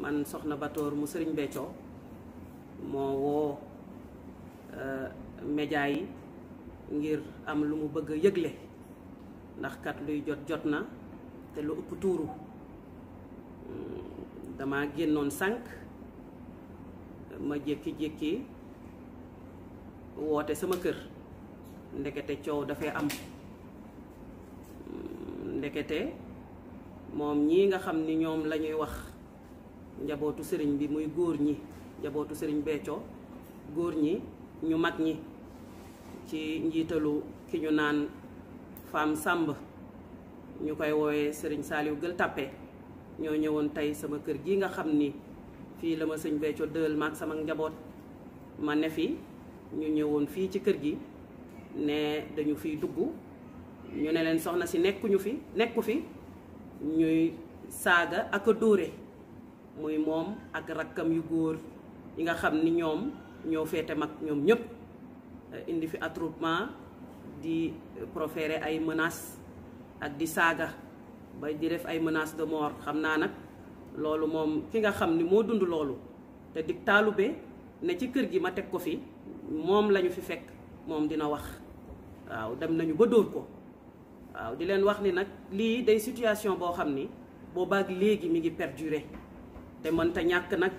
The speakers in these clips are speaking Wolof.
man soxna Batoor mu sëriñ Béthio moo woo euh, média yi ngir am lu mu bëgg a yëgle ndax kat luy jot jot na te lu ëpp tuuru hmm, dama génnoon sànq ma jékki-jékki woote sama kër ndekete coow dafay am hmm, ndekete moom ñii nga xam ni ñoom lañuy wax njabootu sëriñ bi muy góor ñi njabootu sëriñ Béthio góor ñi ñu mag ñi ci njiitalu ki ñu naan Femme sàmb ñu koy woowee sëriñ Saliou Gueule tàppe ñoo ñëwoon tey sama kër gi nga xam ni fii la ma sëñ Béthio dël maag sama njaboot ma ne fi ñu ñëwoon fii ci kër gi ne dañu fiy dugg ñu ne leen soxna si nekkuñu fi nekku fi ñuy saaga ak a dóore muy moom ak rakkam yu góor yi nga xam ni ñoom ñoo féete mag ñoom ñëpp eh, indi fi attroupement di proférer ay menaces ak di saaga ba di def ay menaces de mort xam naa nag loolu moom ki nga xam ni moo dund loolu te di taalube ne ci kër gi ma teg ko fi moom lañu fi fekk moom dina wax waaw dem nañu ba dóor ko waaw di leen wax ni nag lii day situation boo xam ni boobaak léegi mi ngi perdurer te mënta ñàkk nag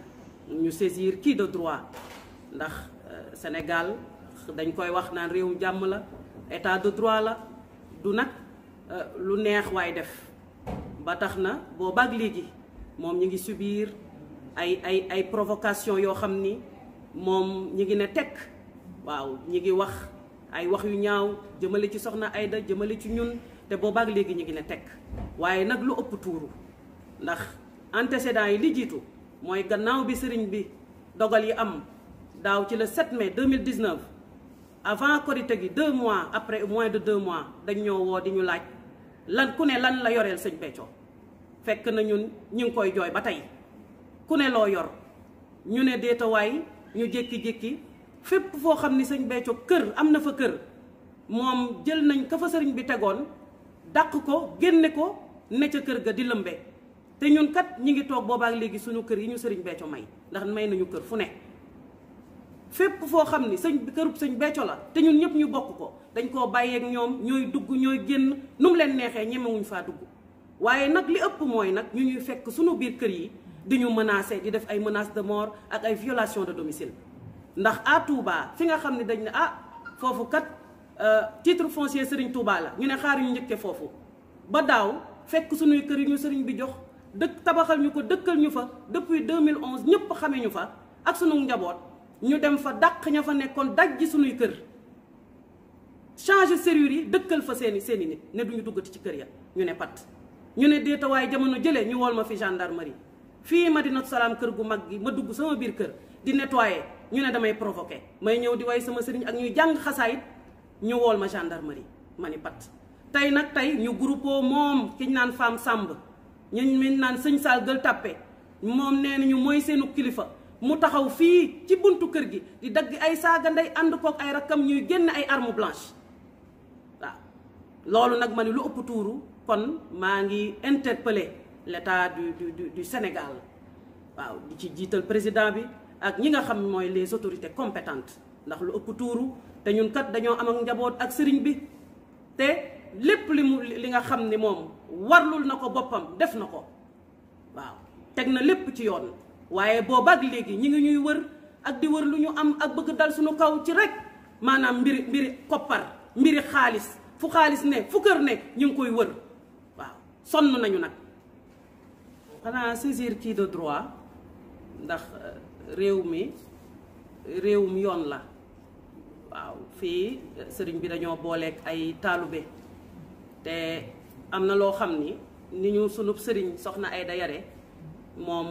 ñu saisir kii de droit ndax euh, Sénégal dañ koy wax naan réewu jàmm la état de droit la du nag euh, lu neex waay def ba tax na boo boobaag léegi moom ñi ngi subir ay ay ay provocation yoo xam ni moom ñi ngi ne tekk waaw ñi ngi wax ay wax yu ñaaw jëmale ci soxna Aida jëmale ci ñun te boo boobaag léegi ñi ngi ne tekk waaye nag lu ëpp tuuru ndax antécédents yi li jiitu mooy gannaaw bi sëriñ bi dogal yi am daaw ci le 7 mai 2019 avant korite gi deux mois après moins de deux mois dañ ñëw woo di ñu laaj lan ku ne lan la yoreel sëñ Béthio fekk nañu ñun ñu koy jooy ba tey ku ne loo yor ñu ne déetawaay ñu jékki-jékki fépp foo xam ni sëñ Béthio kër am na fa kër moom jël nañ ka fa sëriñ bi tegoon dàq ko génne ko ne ca kër ga di lëmbe te ñun kat ñi ngi toog boobaak léegi suñu kër yi ñu sëriñ becco may ndax may nañu kër fu ne fépp foo xam ni sëñ kërub sëñ becco la te ñun ñëpp ñu bokk ko dañ koo bàyyeek ñoom ñooy dugg ñooy génn nu mu leen neexee ñemewuñ faa dugg waaye nag li ëpp mooy nag ñu ñuy fekk suñu biir kër yi di ñu menacer di def ay menaces de mort ak ay violation de domicile ndax à Touba fi nga xam ne dañ ne ah foofu kat euh, titre foncier Serigne Touba la ñu ne xaar yu njëkkee foofu ba daaw fekk suñuy kër yi ñu Serigne bi jox dëkk tabaxal ñu ko dëkkal ñu fa depuis 2011 ñëpp xame ñu fa ak sunu njaboot ñu dem fa dàq ña fa nekkoon daj ji sunuy kër changer serrure yi dëkkal fa seeni seeni nit ne duñu duggati ci kër ya ñu ne pat ñu ne déetawaay jamono jëlee ñu wool ma fi gendarmerie fii Madinatu Salaam kër gu mag gi ma dugg sama biir kër di nettoyer ñu ne damay provoqué may ñëw di way sama sëriñ ak ñuy jàng xasaayit ñu wool ma gendarmerie ma ni pat tey nag tey ñu groupe moom kiñ naan femme sàmb ñañ men naan sëñ Saal Gueule Tapée moom nee nañu mooy seenu kilifa mu taxaw fii ci buntu kër gi di dagg ay saaga ndey ànd kook ay rakkam ñuy génn ay arme blanche waaw loolu nag ma ne lu ëpp tuuru kon maa ngi interpellé l'état du du du Sénégal waaw di ci jiital président bi ak ñi nga xam mooy les autorités compétentes ndax lu ëpp tuuru te ñun kat dañoo am ak njaboot ak sëriñ bi te lépp li mu li nga xam ni moom warlul na ko boppam def na ko waaw teg na lépp ci yoon waaye boobaak léegi ñi ngi ñuy wër ak di wër lu ñu am ak bëgg dal suñu kaw ci rek maanaam mbiri mbiri koppar mbiri xaalis fu xaalis ne fu kër ne ñu ngi koy wër waaw sonn nañu nag xanaa saisir kii de droit ndax euh, réew mi réewum yoon la waaw fii euh, sëriñ bi dañoo booleeg ay taalube te am na loo xam ni ni ñu sunub sëriñ soxna Aida Yare moom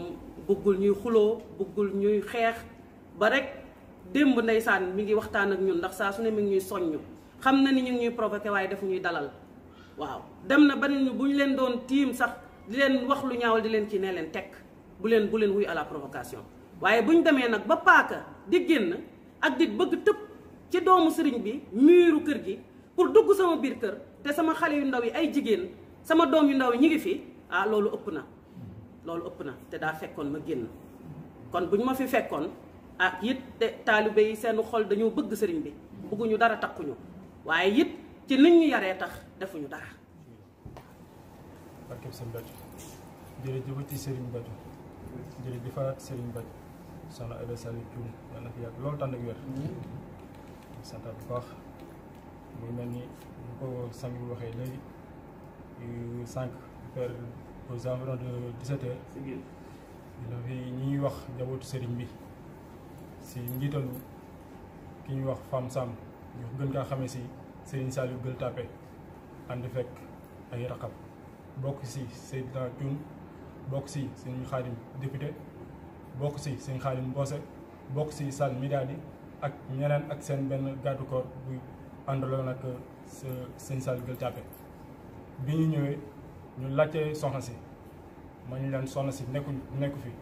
bëggul ñuy xuloo buggul ñuy xeex ba rek démb ndeysaan mi ngi waxtaan ak ñun ndax saa su ne mi ngi ñuy soññ xam na ni ñu ngi ñuy provoqué waaye dafa ñuy dalal waaw dem na ba ñu bu ñu leen doon tiim sax di leen wax lu ñaawal di leen ci ne leen tekk bu leen bu leen wuy à la provocation waaye bu ñu demee nag ba paaka di génn ak di bëgg tëb ci doomu sëriñ bi miiru kër gi pour dugg sama biir kër te sama xale yu ndaw yi ay jigéen sama doom yu ndaw yi ñu ngi fi ah loolu ëpp na loolu ëpp na te daa fekkoon ma génn kon bu ñu ma fi fekkoon ah it te taalibe yi seen xol dañoo bëgg sëriñ bi bëgguñu dara takkuñu waaye yit ci nit ñu yaree tax defuñu dara. barkeb sëñ Bethio jërëjëfati sëriñ Bethio jërëjëfaat sëriñ Bethio soxna Aida Saliou Thioune yàlla na fi yàgg loolu tànn muy mel ni bu ko sang bi waxee léegi sànq vers aux environs de 17 heures dafi ñuy wax njabootu sëriñ bi si njiitalu ki ñuy wax Fam Sam ñu gën kaa xamee si sëriñ Saliou Gueule Tapée ànd fekk ay raqab bokk si Seydina Thioune bokk si sëriñ Xaadim député bokk si sëriñ Xaadim Mbose bokk si Sall Midadi ak ñeneen ak seen benn gàddu koor àndaloon ak sa sëñ Saliou Gueye Diappé bi ñu ñëwee ñu laajte soxna si ma ñu leen soxna si nekku nekku fii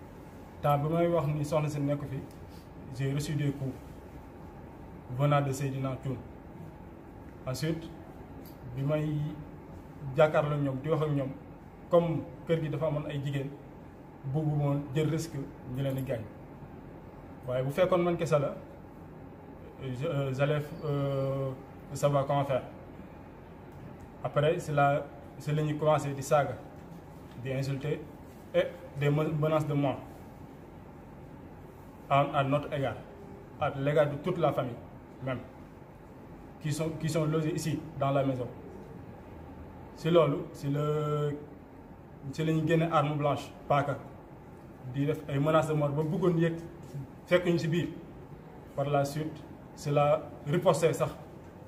temps bi may wax ni soxna si nekku fi j'ai reçu des coups venant de Seydina Thioune ensuite bi may jàkkaarloo ak ñoom di wax ñoom comme kër gi dafa amoon ay jigéen bëggu moon jël risque ñu di gaañ waaye bu fekkoon man kese la euh, j'allais euh, pour savoir comment faire après c'est la c'est la ñuy commencé di saaga di insulter et des menaces de mort à à notre égard à l'égard de toute la famille même qui son qui sont logés ici dans la maison si loolu si la si la ñu génne arme blanche paaka di def ay menaces de mort ba bëggoon yëg fekkuñu ci biir par la suite c'est la riposte sax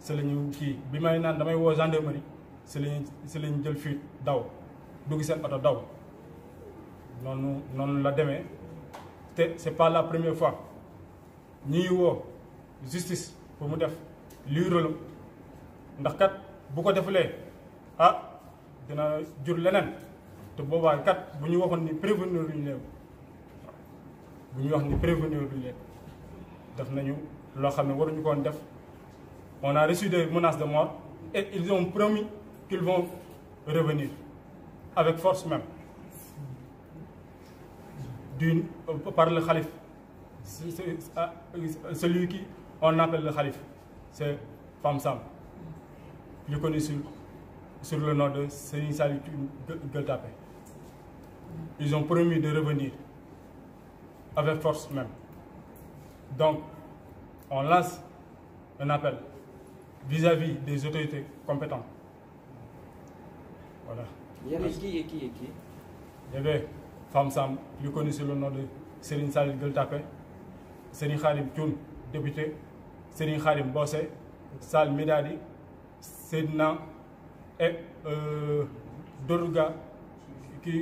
si la ñu kii bi may naan damay woo gendarmerie si lañu si lañu jël fuite daw dugg seen oto daw noonu noonu la demee te c'est pas la première fois ñuy woo justice pour mu def lii rëlu ndax kat bu ko defulee ah dina jur leneen te boobaa kat bu ñu waxoon ni prévenir luñu leen bu ñu wax ni prévenir luñu leen def nañu loo xam ne waruñu koon def On a reçu des menaces de mort et ils ont promis qu'ils vont revenir, avec force même, d'une, euh, par le calife, ah, euh, celui qui on appelle le calife, c'est Fam Sam, plus connu sur, sur le nom de Serigne Saliou Gueule-Tapée. Ils ont promis de revenir, avec force même. Donc, on lance un appel vis-à-vis des autorités compétentes. Voilà. Il y Sam, plus connu sous le nom de Serine Salil Gultapé, Serine Khadim Thioun, député, Serine Khadim Bossé, Sal Medadi, Sedna et eh, euh, Doruga, qui,